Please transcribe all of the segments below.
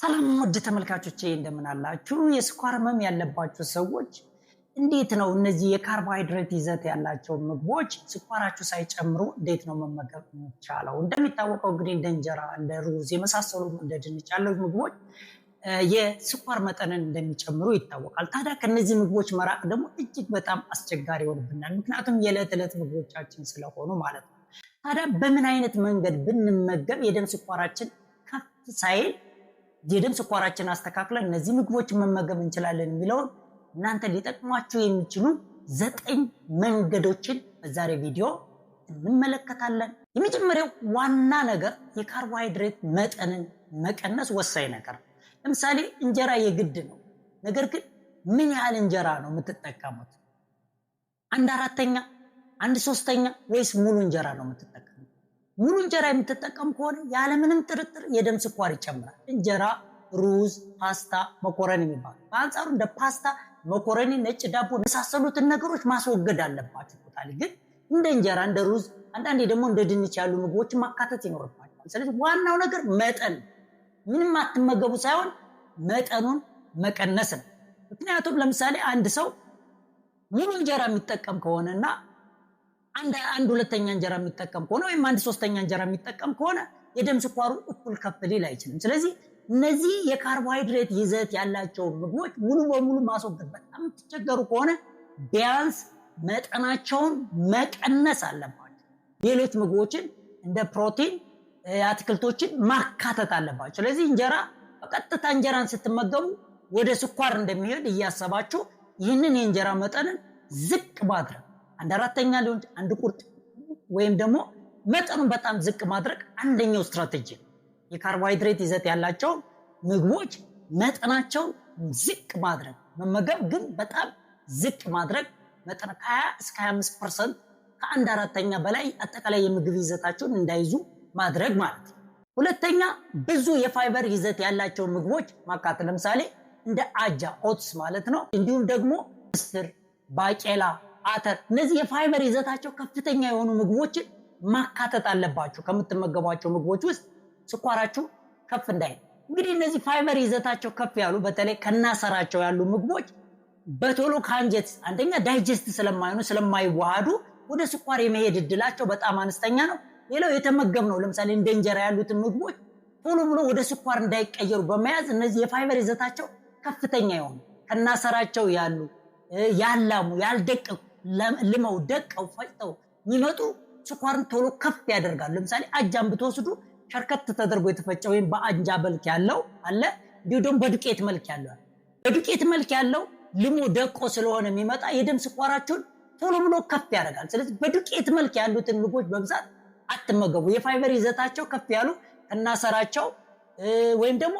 ሰላም ውድ ተመልካቾቼ እንደምን አላችሁ? የስኳር ህመም ያለባችሁ ሰዎች እንዴት ነው እነዚህ የካርቦሃይድሬት ይዘት ያላቸው ምግቦች ስኳራችሁ ሳይጨምሩ እንዴት ነው መመገብ የሚቻለው? እንደሚታወቀው እንግዲህ እንደ እንጀራ፣ እንደ ሩዝ የመሳሰሉ እንደ ድንች ያለው ምግቦች የስኳር መጠንን እንደሚጨምሩ ይታወቃል። ታዲያ ከእነዚህ ምግቦች መራቅ ደግሞ እጅግ በጣም አስቸጋሪ ይሆንብናል። ምክንያቱም የዕለት ዕለት ምግቦቻችን ስለሆኑ ማለት ነው። ታዲያ በምን አይነት መንገድ ብንመገብ የደም ስኳራችን ከፍ ሳይል የደም ስኳራችን አስተካክለን እነዚህ ምግቦች መመገብ እንችላለን የሚለውን እናንተ ሊጠቅሟችሁ የሚችሉ ዘጠኝ መንገዶችን በዛሬ ቪዲዮ እንመለከታለን። የመጀመሪያው ዋና ነገር የካርቦሃይድሬት መጠንን መቀነስ ወሳኝ ነገር። ለምሳሌ እንጀራ የግድ ነው፣ ነገር ግን ምን ያህል እንጀራ ነው የምትጠቀሙት? አንድ አራተኛ፣ አንድ ሶስተኛ ወይስ ሙሉ እንጀራ ነው የምትጠቀሙት? ሙሉ እንጀራ የምትጠቀም ከሆነ ያለምንም ጥርጥር የደም ስኳር ይጨምራል። እንጀራ፣ ሩዝ፣ ፓስታ፣ መኮረኒ የሚባሉ በአንጻሩ እንደ ፓስታ፣ መኮረኒ፣ ነጭ ዳቦ የመሳሰሉትን ነገሮች ማስወገድ አለባቸው። ቶታሊ ግን እንደ እንጀራ፣ እንደ ሩዝ አንዳንዴ ደግሞ እንደ ድንች ያሉ ምግቦችን ማካተት ይኖርባቸዋል። ስለዚህ ዋናው ነገር መጠን፣ ምንም አትመገቡ ሳይሆን መጠኑን መቀነስ ነው። ምክንያቱም ለምሳሌ አንድ ሰው ሙሉ እንጀራ የሚጠቀም ከሆነና አንድ ሁለተኛ እንጀራ የሚጠቀም ከሆነ ወይም አንድ ሶስተኛ እንጀራ የሚጠቀም ከሆነ የደም ስኳሩ እኩል ከፍ ሊል አይችልም። ስለዚህ እነዚህ የካርቦሃይድሬት ይዘት ያላቸውን ምግቦች ሙሉ በሙሉ ማስወገድ በጣም የምትቸገሩ ከሆነ ቢያንስ መጠናቸውን መቀነስ አለባቸው። ሌሎች ምግቦችን እንደ ፕሮቲን፣ አትክልቶችን ማካተት አለባቸው። ስለዚህ እንጀራ በቀጥታ እንጀራን ስትመገቡ ወደ ስኳር እንደሚሄድ እያሰባችሁ ይህንን የእንጀራ መጠንን ዝቅ ማድረግ አንድ አራተኛ ሊሆን አንድ ቁርጥ ወይም ደግሞ መጠኑን በጣም ዝቅ ማድረግ አንደኛው ስትራቴጂ ነው። የካርቦሃይድሬት ይዘት ያላቸው ምግቦች መጠናቸውን ዝቅ ማድረግ መመገብ፣ ግን በጣም ዝቅ ማድረግ መጠን ከ20 እስከ 25 ፐርሰንት ከአንድ አራተኛ በላይ አጠቃላይ የምግብ ይዘታቸውን እንዳይዙ ማድረግ ማለት ነው። ሁለተኛ ብዙ የፋይበር ይዘት ያላቸው ምግቦች ማካተት፣ ለምሳሌ እንደ አጃ ኦትስ ማለት ነው። እንዲሁም ደግሞ ምስር፣ ባቄላ አተር እነዚህ የፋይበር ይዘታቸው ከፍተኛ የሆኑ ምግቦችን ማካተት አለባችሁ። ከምትመገቧቸው ምግቦች ውስጥ ስኳራችሁ ከፍ እንዳይ። እንግዲህ እነዚህ ፋይበር ይዘታቸው ከፍ ያሉ በተለይ ከናሰራቸው ያሉ ምግቦች በቶሎ ከአንጀት አንደኛ ዳይጀስት ስለማይሆኑ ስለማይዋሃዱ ወደ ስኳር የመሄድ እድላቸው በጣም አነስተኛ ነው። ሌላው የተመገብ ነው ለምሳሌ እንደ እንጀራ ያሉትን ምግቦች ቶሎ ብሎ ወደ ስኳር እንዳይቀየሩ በመያዝ እነዚህ የፋይበር ይዘታቸው ከፍተኛ የሆኑ ከናሰራቸው ያሉ ያላሙ ያልደቀቁ ልመው ደቀው ፈጭተው የሚመጡ ስኳርን ቶሎ ከፍ ያደርጋሉ። ለምሳሌ አጃን ብትወስዱ ሸርከት ተደርጎ የተፈጨ ወይም በአንጃ መልክ ያለው አለ። እንዲሁ ደግሞ በዱቄት መልክ ያለው በዱቄት መልክ ያለው ልሞ ደቆ ስለሆነ የሚመጣ የደም ስኳራቸውን ቶሎ ብሎ ከፍ ያደርጋል። ስለዚህ በዱቄት መልክ ያሉትን ምግቦች በብዛት አትመገቡ። የፋይበር ይዘታቸው ከፍ ያሉ ከናሰራቸው ወይም ደግሞ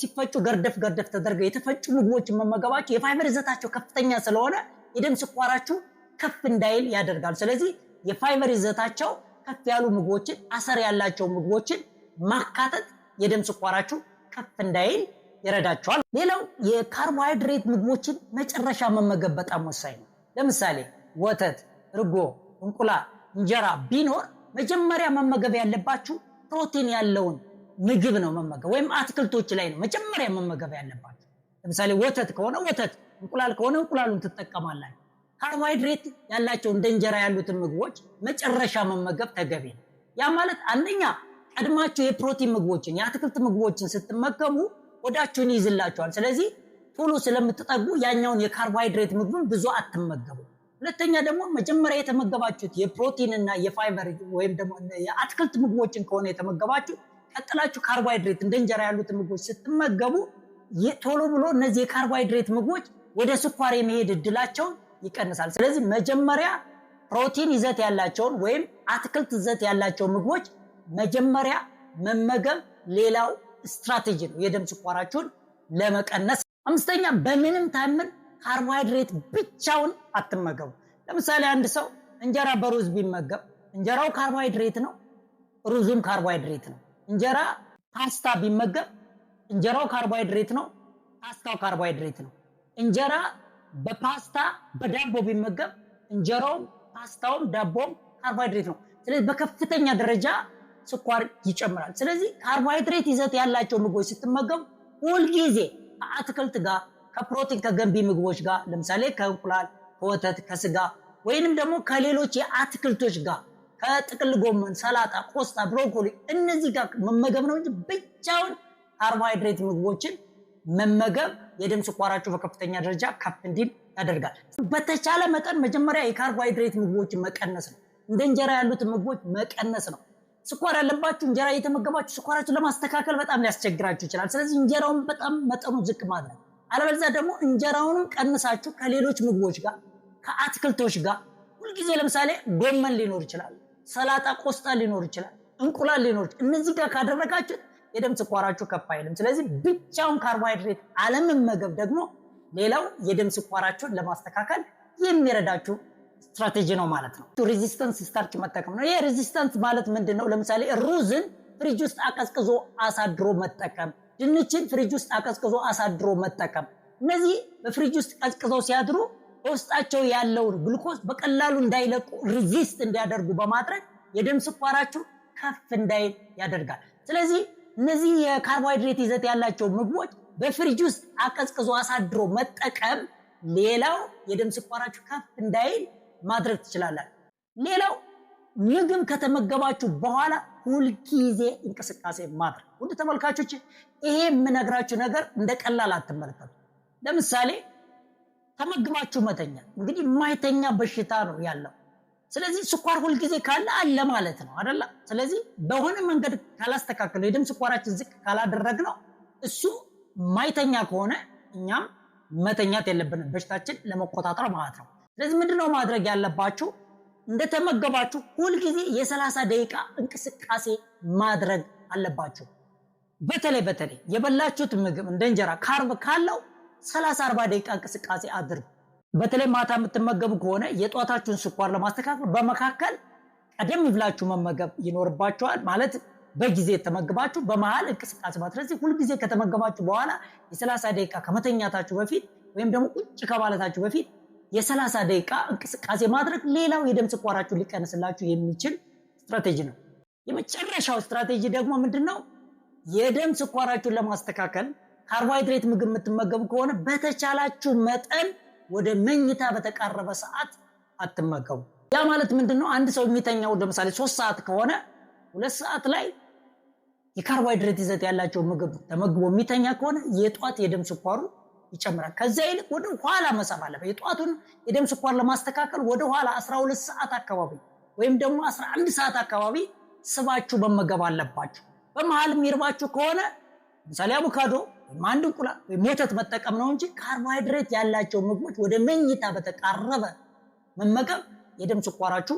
ሲፈጩ ገርደፍ ገርደፍ ተደርገው የተፈጩ ምግቦችን መመገባቸው የፋይበር ይዘታቸው ከፍተኛ ስለሆነ የደም ስኳራችሁ ከፍ እንዳይል ያደርጋል። ስለዚህ የፋይበር ይዘታቸው ከፍ ያሉ ምግቦችን፣ አሰር ያላቸው ምግቦችን ማካተት የደም ስኳራችሁ ከፍ እንዳይል ይረዳቸዋል። ሌላው የካርቦሃይድሬት ምግቦችን መጨረሻ መመገብ በጣም ወሳኝ ነው። ለምሳሌ ወተት፣ እርጎ፣ እንቁላል፣ እንጀራ ቢኖር መጀመሪያ መመገብ ያለባችሁ ፕሮቲን ያለውን ምግብ ነው መመገብ ወይም አትክልቶች ላይ ነው መጀመሪያ መመገብ ያለባችሁ። ለምሳሌ ወተት ከሆነ ወተት፣ እንቁላል ከሆነ እንቁላሉን ትጠቀማላችሁ። ካርቦሃይድሬት ያላቸው እንደ እንጀራ ያሉትን ምግቦች መጨረሻ መመገብ ተገቢ ነው። ያ ማለት አንደኛ ቀድማችሁ የፕሮቲን ምግቦችን የአትክልት ምግቦችን ስትመገቡ ወዳችሁን ይይዝላችኋል። ስለዚህ ቶሎ ስለምትጠጉ ያኛውን የካርቦሃይድሬት ምግብን ብዙ አትመገቡ። ሁለተኛ ደግሞ መጀመሪያ የተመገባችሁት የፕሮቲን የፋይበር ወይም ደግሞ የአትክልት ምግቦችን ከሆነ የተመገባችሁ ቀጥላችሁ ካርቦሃይድሬት እንደ እንጀራ ያሉትን ምግቦች ስትመገቡ ቶሎ ብሎ እነዚህ የካርቦሃይድሬት ምግቦች ወደ ስኳር የመሄድ እድላቸውን ይቀንሳል። ስለዚህ መጀመሪያ ፕሮቲን ይዘት ያላቸውን ወይም አትክልት ይዘት ያላቸው ምግቦች መጀመሪያ መመገብ ሌላው ስትራቴጂ ነው የደም ስኳራችሁን ለመቀነስ። አምስተኛ በምንም ታምን ካርቦሃይድሬት ብቻውን አትመገቡ። ለምሳሌ አንድ ሰው እንጀራ በሩዝ ቢመገብ እንጀራው ካርቦሃይድሬት ነው፣ ሩዙም ካርቦሃይድሬት ነው። እንጀራ ፓስታ ቢመገብ እንጀራው ካርቦሃይድሬት ነው፣ ፓስታው ካርቦሃይድሬት ነው። እንጀራ በፓስታ በዳቦ ቢመገብ እንጀራውም ፓስታውም ዳቦም ካርቦሃይድሬት ነው። ስለዚህ በከፍተኛ ደረጃ ስኳር ይጨምራል። ስለዚህ ካርቦሃይድሬት ይዘት ያላቸው ምግቦች ስትመገቡ ሁልጊዜ ከአትክልት ጋር ከፕሮቲን ከገንቢ ምግቦች ጋር ለምሳሌ ከእንቁላል፣ ከወተት፣ ከስጋ ወይንም ደግሞ ከሌሎች የአትክልቶች ጋር ከጥቅል ጎመን፣ ሰላጣ፣ ቆስጣ፣ ብሮኮሊ እነዚህ ጋር መመገብ ነው እንጂ ብቻውን ካርቦሃይድሬት ምግቦችን መመገብ የደም ስኳራቸው በከፍተኛ ደረጃ ከፍ እንዲል ያደርጋል። በተቻለ መጠን መጀመሪያ የካርቦሃይድሬት ምግቦችን መቀነስ ነው። እንደ እንጀራ ያሉትን ምግቦች መቀነስ ነው። ስኳር ያለባችሁ እንጀራ እየተመገባችሁ ስኳራችሁ ለማስተካከል በጣም ሊያስቸግራችሁ ይችላል። ስለዚህ እንጀራውን በጣም መጠኑ ዝቅ ማድረግ፣ አለበለዚያ ደግሞ እንጀራውንም ቀንሳችሁ ከሌሎች ምግቦች ጋር ከአትክልቶች ጋር ሁልጊዜ ለምሳሌ ጎመን ሊኖር ይችላል፣ ሰላጣ፣ ቆስጣ ሊኖር ይችላል፣ እንቁላል ሊኖር እነዚህ ጋር ካደረጋችሁት የደም ስኳራችሁ ከፍ አይልም። ስለዚህ ብቻውን ካርቦሃይድሬት አለመመገብ ደግሞ ሌላው የደም ስኳራችሁን ለማስተካከል የሚረዳችሁ ስትራቴጂ ነው ማለት ነው። ሬዚስተንስ ስታርች መጠቀም ነው። ይሄ ሬዚስተንስ ማለት ምንድን ነው? ለምሳሌ ሩዝን ፍሪጅ ውስጥ አቀዝቅዞ አሳድሮ መጠቀም፣ ድንችን ፍሪጅ ውስጥ አቀዝቅዞ አሳድሮ መጠቀም። እነዚህ በፍሪጅ ውስጥ ቀዝቅዘው ሲያድሩ በውስጣቸው ያለውን ግሉኮስ በቀላሉ እንዳይለቁ ሪዚስት እንዲያደርጉ በማድረግ የደም ስኳራችሁ ከፍ እንዳይል ያደርጋል። ስለዚህ እነዚህ የካርቦሃይድሬት ይዘት ያላቸው ምግቦች በፍሪጅ ውስጥ አቀዝቅዞ አሳድሮ መጠቀም ሌላው የደም ስኳራችሁ ከፍ እንዳይል ማድረግ ትችላላል። ሌላው ምግብ ከተመገባችሁ በኋላ ሁልጊዜ እንቅስቃሴ ማድረግ። ውድ ተመልካቾች ይሄ የምነግራችሁ ነገር እንደ ቀላል አትመለከቱ። ለምሳሌ ተመግባችሁ መተኛ፣ እንግዲህ ማይተኛ በሽታ ነው ያለው ስለዚህ ስኳር ሁልጊዜ ካለ አለ ማለት ነው አደላ። ስለዚህ በሆነ መንገድ ካላስተካከለው የደም ስኳራችን ዝቅ ካላደረግነው እሱ ማይተኛ ከሆነ እኛም መተኛት የለብንም በሽታችን ለመቆጣጠር ማለት ነው። ስለዚህ ምንድነው ማድረግ ያለባችሁ? እንደተመገባችሁ ሁልጊዜ የሰላሳ ደቂቃ እንቅስቃሴ ማድረግ አለባችሁ። በተለይ በተለይ የበላችሁት ምግብ እንደ እንጀራ ካርብ ካለው ሰላሳ አርባ ደቂቃ እንቅስቃሴ አድርጉ። በተለይ ማታ የምትመገቡ ከሆነ የጠዋታችሁን ስኳር ለማስተካከል በመካከል ቀደም ብላችሁ መመገብ ይኖርባችኋል። ማለት በጊዜ ተመግባችሁ በመሀል እንቅስቃሴ ማድረግ። ሁልጊዜ ከተመገባችሁ በኋላ የሰላሳ ደቂቃ ከመተኛታችሁ በፊት ወይም ደግሞ ቁጭ ከማለታችሁ በፊት የሰላሳ ደቂቃ እንቅስቃሴ ማድረግ ሌላው የደም ስኳራችሁን ሊቀንስላችሁ የሚችል ስትራቴጂ ነው። የመጨረሻው ስትራቴጂ ደግሞ ምንድን ነው? የደም ስኳራችሁን ለማስተካከል ካርቦሃይድሬት ምግብ የምትመገቡ ከሆነ በተቻላችሁ መጠን ወደ መኝታ በተቃረበ ሰዓት አትመገቡ። ያ ማለት ምንድን ነው? አንድ ሰው የሚተኛው ለምሳሌ ሶስት ሰዓት ከሆነ ሁለት ሰዓት ላይ የካርቦሃይድሬት ይዘት ያላቸው ምግብ ተመግቦ የሚተኛ ከሆነ የጧት የደም ስኳሩ ይጨምራል። ከዚያ ይልቅ ወደ ኋላ መሳብ አለበት። የጠዋቱን የደም ስኳር ለማስተካከል ወደ ኋላ 12 ሰዓት አካባቢ ወይም ደግሞ 11 ሰዓት አካባቢ ስባችሁ መመገብ አለባችሁ። በመሀል የሚርባችሁ ከሆነ ምሳሌ አቮካዶ አንድ እንቁላል ወተት መጠቀም ነው እንጂ ካርቦሃይድሬት ያላቸው ምግቦች ወደ መኝታ በተቃረበ መመገብ የደም ስኳራችሁ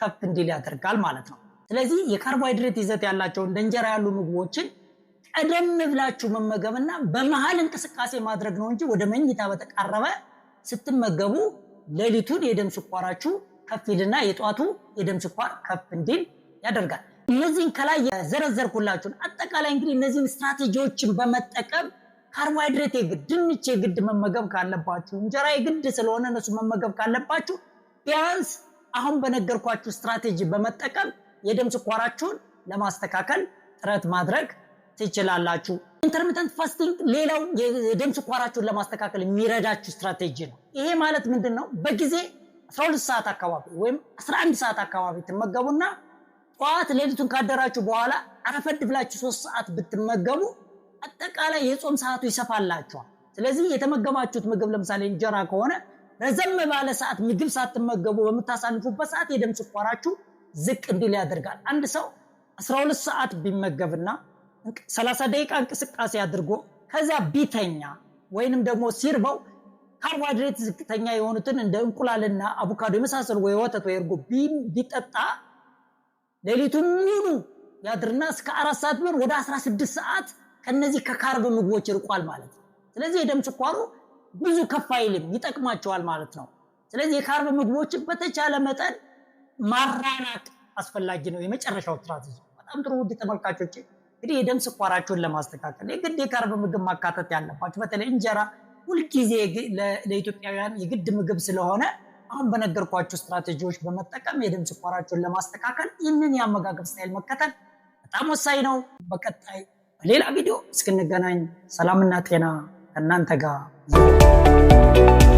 ከፍ እንዲል ያደርጋል ማለት ነው። ስለዚህ የካርቦሃይድሬት ይዘት ያላቸው እንደ እንጀራ ያሉ ምግቦችን ቀደም ብላችሁ መመገብና በመሀል እንቅስቃሴ ማድረግ ነው እንጂ ወደ መኝታ በተቃረበ ስትመገቡ ሌሊቱን የደም ስኳራችሁ ከፍ ይልና የጠዋቱ የደም ስኳር ከፍ እንዲል ያደርጋል። እነዚህን ከላይ የዘረዘርኩላችሁን አጠቃላይ እንግዲህ እነዚህን ስትራቴጂዎችን በመጠቀም ካርቦሃይድሬት የግድ ድንች የግድ መመገብ ካለባችሁ እንጀራ የግድ ስለሆነ እነሱ መመገብ ካለባችሁ ቢያንስ አሁን በነገርኳችሁ ስትራቴጂ በመጠቀም የደም ስኳራችሁን ለማስተካከል ጥረት ማድረግ ትችላላችሁ። ኢንተርሚተንት ፋስቲንግ ሌላው የደም ስኳራችሁን ለማስተካከል የሚረዳችሁ ስትራቴጂ ነው። ይሄ ማለት ምንድን ነው? በጊዜ 12 ሰዓት አካባቢ ወይም 11 ሰዓት አካባቢ ትመገቡና ጠዋት ሌሊቱን ካደራችሁ በኋላ አረፈድ ብላችሁ ሶስት ሰዓት ብትመገቡ አጠቃላይ የጾም ሰዓቱ ይሰፋላችኋል። ስለዚህ የተመገባችሁት ምግብ ለምሳሌ እንጀራ ከሆነ ረዘም ባለ ሰዓት ምግብ ሳትመገቡ በምታሳልፉበት ሰዓት የደም ስኳራችሁ ዝቅ እንዲል ያደርጋል። አንድ ሰው 12 ሰዓት ቢመገብና 30 ደቂቃ እንቅስቃሴ አድርጎ ከዛ ቢተኛ ወይንም ደግሞ ሲርበው ካርቦሃይድሬት ዝቅተኛ የሆኑትን እንደ እንቁላልና አቮካዶ የመሳሰሉ ወይ ወተት ወይ እርጎ ቢጠጣ ሌሊቱን ሙሉ ያድርና እስከ አራት ሰዓት ቢሆን ወደ 16 ሰዓት ከነዚህ ከካርብ ምግቦች ይርቋል ማለት ነው። ስለዚህ የደም ስኳሩ ብዙ ከፍ አይልም፣ ይጠቅማቸዋል ማለት ነው። ስለዚህ የካርብ ምግቦችን በተቻለ መጠን ማራናቅ አስፈላጊ ነው። የመጨረሻው ስትራቴጂ በጣም ጥሩ። ውድ ተመልካቾች እንግዲህ የደም ስኳራቸውን ለማስተካከል የግድ የካርብ ምግብ ማካተት ያለባቸው በተለይ እንጀራ ሁልጊዜ ለኢትዮጵያውያን የግድ ምግብ ስለሆነ አሁን በነገርኳችሁ ስትራቴጂዎች በመጠቀም የድምፅ ስኳራችሁን ለማስተካከል ይህንን የአመጋገብ ስታይል መከተል በጣም ወሳኝ ነው። በቀጣይ በሌላ ቪዲዮ እስክንገናኝ ሰላምና ጤና ከእናንተ ጋር